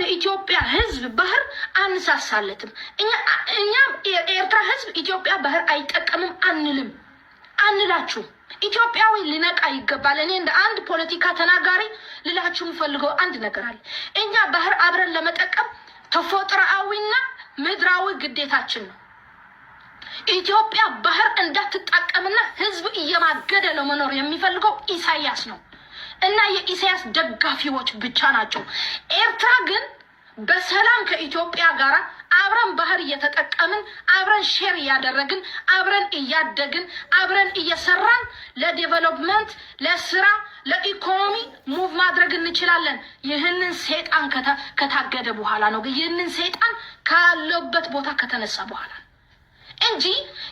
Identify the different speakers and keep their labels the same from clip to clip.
Speaker 1: ለኢትዮጵያ ህዝብ ባህር አንሳሳለትም። እኛም የኤርትራ ህዝብ ኢትዮጵያ ባህር አይጠቀምም አንልም አንላችሁ ኢትዮጵያዊ ልነቃ ይገባል። እኔ እንደ አንድ ፖለቲካ ተናጋሪ ልላችሁ የምፈልገው አንድ ነገር አለ። እኛ ባህር አብረን ለመጠቀም ተፈጥሯዊና ምድራዊ ግዴታችን ነው። ኢትዮጵያ ባህር እንዳትጠቀምና ህዝብ እየማገደ ለመኖር የሚፈልገው ኢሳያስ ነው። እና የኢሳያስ ደጋፊዎች ብቻ ናቸው። ኤርትራ ግን በሰላም ከኢትዮጵያ ጋር አብረን ባህር እየተጠቀምን አብረን ሼር እያደረግን አብረን እያደግን አብረን እየሰራን ለዴቨሎፕመንት፣ ለስራ፣ ለኢኮኖሚ ሙቭ ማድረግ እንችላለን። ይህንን ሴጣን ከታገደ በኋላ ነው። ይህንን ሴጣን ካለበት ቦታ ከተነሳ በኋላ እንጂ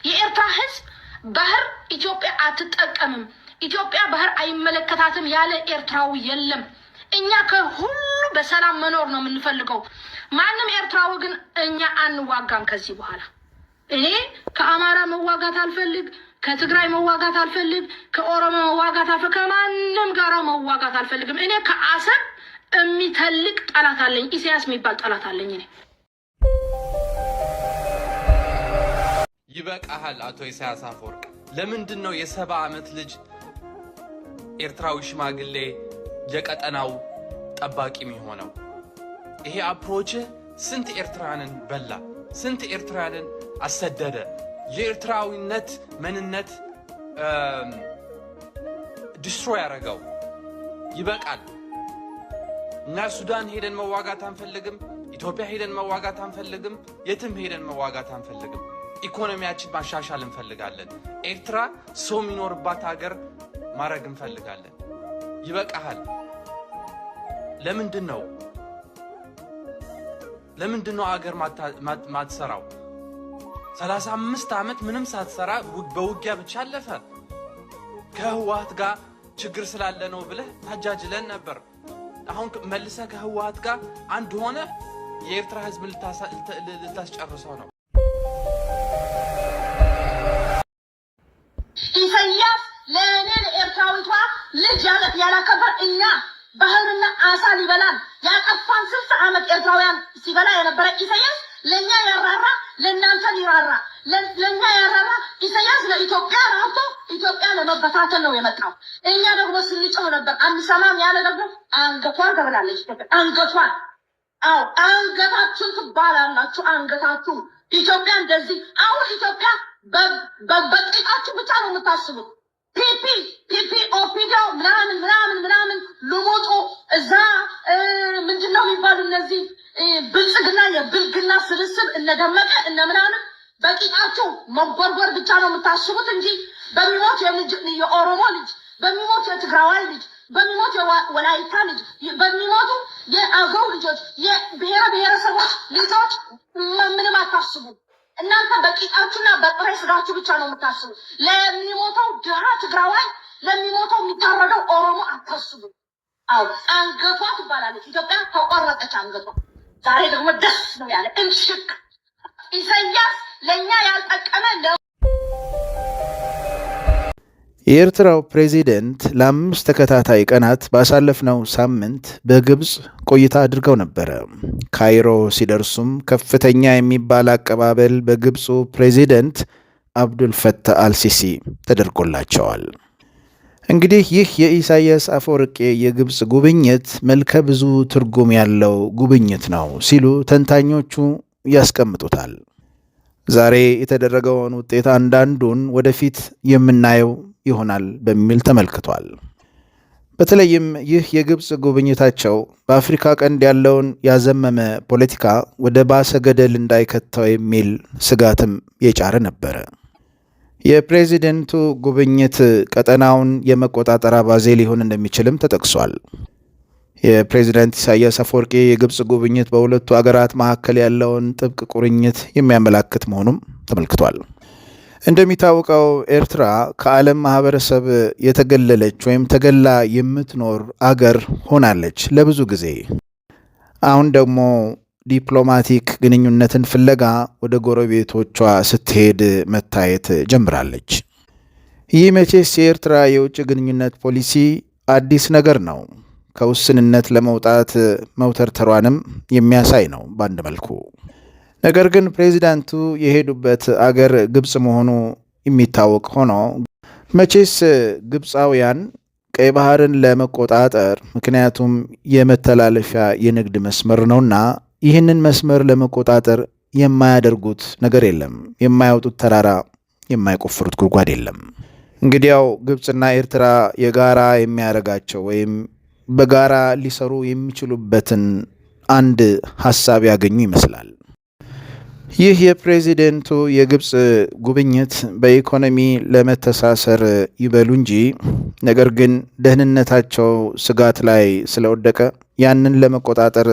Speaker 1: የኤርትራ ህዝብ ባህር ኢትዮጵያ አትጠቀምም ኢትዮጵያ ባህር አይመለከታትም ያለ ኤርትራዊ የለም። እኛ ከሁሉ በሰላም መኖር ነው የምንፈልገው። ማንም ኤርትራዊ ግን እኛ አንዋጋም ከዚህ በኋላ። እኔ ከአማራ መዋጋት አልፈልግ፣ ከትግራይ መዋጋት አልፈልግ፣ ከኦሮሞ መዋጋት አልፈ ከማንም ጋር መዋጋት አልፈልግም። እኔ ከአሰብ የሚተልቅ ጠላት አለኝ፣ ኢሳያስ የሚባል ጠላት አለኝ እኔ
Speaker 2: ይበቃሃል። አቶ ኢሳያስ አፈወርቅ ለምንድን ነው የሰባ ዓመት ልጅ ኤርትራዊ ሽማግሌ የቀጠናው ጠባቂ የሚሆነው። ይሄ አፕሮች ስንት ኤርትራንን በላ፣ ስንት ኤርትራንን አሰደደ። የኤርትራዊነት ምንነት ድስትሮ ያደረገው። ይበቃል። እና ሱዳን ሄደን መዋጋት አንፈልግም። ኢትዮጵያ ሄደን መዋጋት አንፈልግም። የትም ሄደን መዋጋት አንፈልግም። ኢኮኖሚያችን ማሻሻል እንፈልጋለን። ኤርትራ ሰው የሚኖርባት ሀገር ማድረግ እንፈልጋለን። ይበቃሃል። ለምንድን ነው ለምንድን ነው አገር ማትሰራው? ሰላሳ አምስት ዓመት ምንም ሳትሰራ በውጊያ ብቻ አለፈ። ከህወሀት ጋር ችግር ስላለ ነው ብለህ ታጃጅለን ነበር። አሁን መልሰ ከህወሀት ጋር አንድ ሆነ የኤርትራ ህዝብ ልታስጨርሰው ነው።
Speaker 1: ልጅ ያላከበር እኛ ባህርና አሳ ሊበላን ያጠፋን ስልሳ ዓመት ኤርትራውያን ሲበላ የነበረ ኢሳያስ ለእኛ ያራራ ለእናንተ ሊራራ ለእኛ ያራራ ኢሳያስ ለኢትዮጵያ ራርቶ ኢትዮጵያ ለመበታተን ነው የመጣው። እኛ ደግሞ ስንጮህ ነበር አንሰማም ያለ ደግሞ አንገቷን ተብላለች። አንገቷን አዎ አንገታችሁን ትባላላችሁ። አንገታችሁ ኢትዮጵያ እንደዚህ አሁን ኢትዮጵያ በጥቂታችሁ ብቻ ነው የምታስቡት። ፒፒ ፒፒ ኦፒዲያው ምናምን ምናምን ምናምን ሎሞጦ እዛ ምንድን ነው የሚባሉ እነዚህ ብልጽግና የብልግና ስብስብ እነደመቀ እነ ምናምን በቂጣቸው መጎርጎር ብቻ ነው የምታስቡት እንጂ በሚሞት የኦሮሞ ልጅ በሚሞት የትግራዋይ ልጅ በሚሞት የወላይታ ልጅ በሚሞቱ የአገው ልጆች የብሔረ ብሔረሰቦች ልጆች ምንም አታስቡ። እናንተ በቂጣችሁና በጥሬ ስጋችሁ ብቻ ነው የምታስቡ። ለሚሞተው ድሃ ትግራዋይ፣ ለሚሞተው የሚታረደው ኦሮሞ አታስቡ። አዎ አንገቷ ትባላለች ኢትዮጵያ። ተቆረጠች አንገቷ። ዛሬ ደግሞ ደስ ነው ያለ እንሽክ ኢሳያስ ለእኛ ያልጠቀመ
Speaker 3: የኤርትራው ፕሬዚደንት ለአምስት ተከታታይ ቀናት ባሳለፍነው ሳምንት በግብፅ ቆይታ አድርገው ነበረ። ካይሮ ሲደርሱም ከፍተኛ የሚባል አቀባበል በግብፁ ፕሬዚደንት አብዱልፈታህ አልሲሲ ተደርጎላቸዋል። እንግዲህ ይህ የኢሳያስ አፈወርቄ የግብፅ ጉብኝት መልከ ብዙ ትርጉም ያለው ጉብኝት ነው ሲሉ ተንታኞቹ ያስቀምጡታል። ዛሬ የተደረገውን ውጤት አንዳንዱን ወደፊት የምናየው ይሆናል በሚል ተመልክቷል። በተለይም ይህ የግብፅ ጉብኝታቸው በአፍሪካ ቀንድ ያለውን ያዘመመ ፖለቲካ ወደ ባሰ ገደል እንዳይከተው የሚል ስጋትም የጫረ ነበረ። የፕሬዚደንቱ ጉብኝት ቀጠናውን የመቆጣጠር አባዜ ሊሆን እንደሚችልም ተጠቅሷል። የፕሬዚደንት ኢሳያስ አፈወርቂ የግብፅ ጉብኝት በሁለቱ አገራት መካከል ያለውን ጥብቅ ቁርኝት የሚያመላክት መሆኑም ተመልክቷል። እንደሚታወቀው ኤርትራ ከዓለም ማህበረሰብ የተገለለች ወይም ተገላ የምትኖር አገር ሆናለች ለብዙ ጊዜ። አሁን ደግሞ ዲፕሎማቲክ ግንኙነትን ፍለጋ ወደ ጎረቤቶቿ ስትሄድ መታየት ጀምራለች። ይህ መቼስ የኤርትራ የውጭ ግንኙነት ፖሊሲ አዲስ ነገር ነው። ከውስንነት ለመውጣት መውተርተሯንም የሚያሳይ ነው በአንድ መልኩ ነገር ግን ፕሬዚዳንቱ የሄዱበት አገር ግብፅ መሆኑ የሚታወቅ ሆኖ መቼስ ግብፃውያን ቀይ ባህርን ለመቆጣጠር ምክንያቱም የመተላለፊያ የንግድ መስመር ነውና ይህንን መስመር ለመቆጣጠር የማያደርጉት ነገር የለም፣ የማያወጡት ተራራ የማይቆፍሩት ጉድጓድ የለም። እንግዲያው ግብፅና ኤርትራ የጋራ የሚያደርጋቸው ወይም በጋራ ሊሰሩ የሚችሉበትን አንድ ሀሳብ ያገኙ ይመስላል። ይህ የፕሬዚደንቱ የግብፅ ጉብኝት በኢኮኖሚ ለመተሳሰር ይበሉ እንጂ ነገር ግን ደህንነታቸው ስጋት ላይ ስለወደቀ ያንን ለመቆጣጠር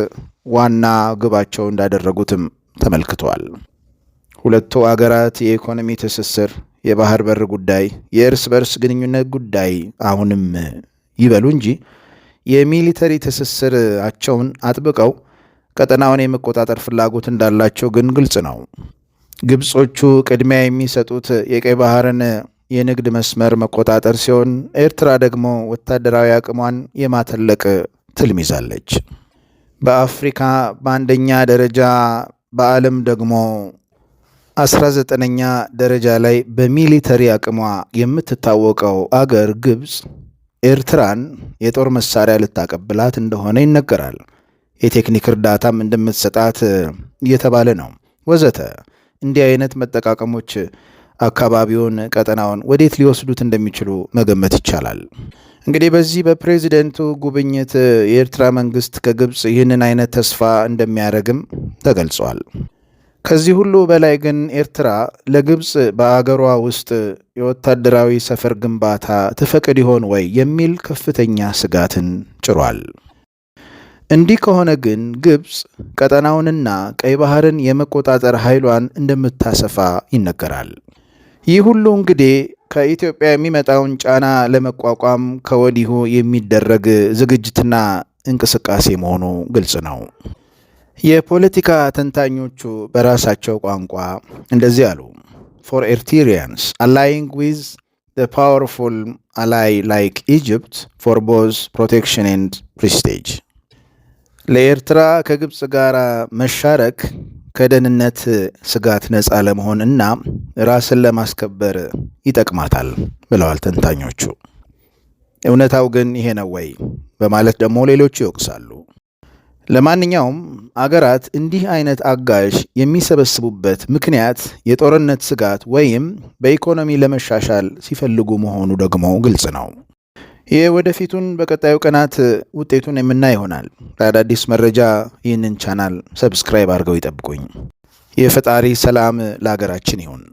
Speaker 3: ዋና ግባቸው እንዳደረጉትም ተመልክቷል። ሁለቱ አገራት የኢኮኖሚ ትስስር፣ የባህር በር ጉዳይ፣ የእርስ በርስ ግንኙነት ጉዳይ አሁንም ይበሉ እንጂ የሚሊተሪ ትስስራቸውን አጥብቀው ቀጠናውን የመቆጣጠር ፍላጎት እንዳላቸው ግን ግልጽ ነው። ግብጾቹ ቅድሚያ የሚሰጡት የቀይ ባህርን የንግድ መስመር መቆጣጠር ሲሆን፣ ኤርትራ ደግሞ ወታደራዊ አቅሟን የማተለቅ ትልም ይዛለች። በአፍሪካ በአንደኛ ደረጃ በዓለም ደግሞ 19ኛ ደረጃ ላይ በሚሊተሪ አቅሟ የምትታወቀው አገር ግብፅ ኤርትራን የጦር መሳሪያ ልታቀብላት እንደሆነ ይነገራል። የቴክኒክ እርዳታም እንደምትሰጣት እየተባለ ነው ወዘተ። እንዲህ አይነት መጠቃቀሞች አካባቢውን፣ ቀጠናውን ወዴት ሊወስዱት እንደሚችሉ መገመት ይቻላል። እንግዲህ በዚህ በፕሬዚደንቱ ጉብኝት የኤርትራ መንግስት ከግብፅ ይህንን አይነት ተስፋ እንደሚያደርግም ተገልጿል። ከዚህ ሁሉ በላይ ግን ኤርትራ ለግብፅ በአገሯ ውስጥ የወታደራዊ ሰፈር ግንባታ ትፈቅድ ይሆን ወይ የሚል ከፍተኛ ስጋትን ጭሯል። እንዲህ ከሆነ ግን ግብፅ ቀጠናውንና ቀይ ባህርን የመቆጣጠር ኃይሏን እንደምታሰፋ ይነገራል። ይህ ሁሉ እንግዲህ ከኢትዮጵያ የሚመጣውን ጫና ለመቋቋም ከወዲሁ የሚደረግ ዝግጅትና እንቅስቃሴ መሆኑ ግልጽ ነው። የፖለቲካ ተንታኞቹ በራሳቸው ቋንቋ እንደዚህ አሉ። ፎር ኤርትሪያንስ አላይንግ ዊዝ ፓወርፉል አላይ ላይክ ኢጅፕት ፎር ቦዝ ፕሮቴክሽን ኤንድ ፕሪስቴጅ ለኤርትራ ከግብፅ ጋር መሻረክ ከደህንነት ስጋት ነፃ ለመሆን እና ራስን ለማስከበር ይጠቅማታል ብለዋል ተንታኞቹ። እውነታው ግን ይሄ ነው ወይ በማለት ደግሞ ሌሎቹ ይወቅሳሉ። ለማንኛውም አገራት እንዲህ አይነት አጋዥ የሚሰበስቡበት ምክንያት የጦርነት ስጋት ወይም በኢኮኖሚ ለመሻሻል ሲፈልጉ መሆኑ ደግሞ ግልጽ ነው። የወደፊቱን በቀጣዩ ቀናት ውጤቱን የምናይ ይሆናል። ለአዳዲስ መረጃ ይህንን ቻናል ሰብስክራይብ አድርገው ይጠብቁኝ። የፈጣሪ ሰላም ለሀገራችን ይሁን።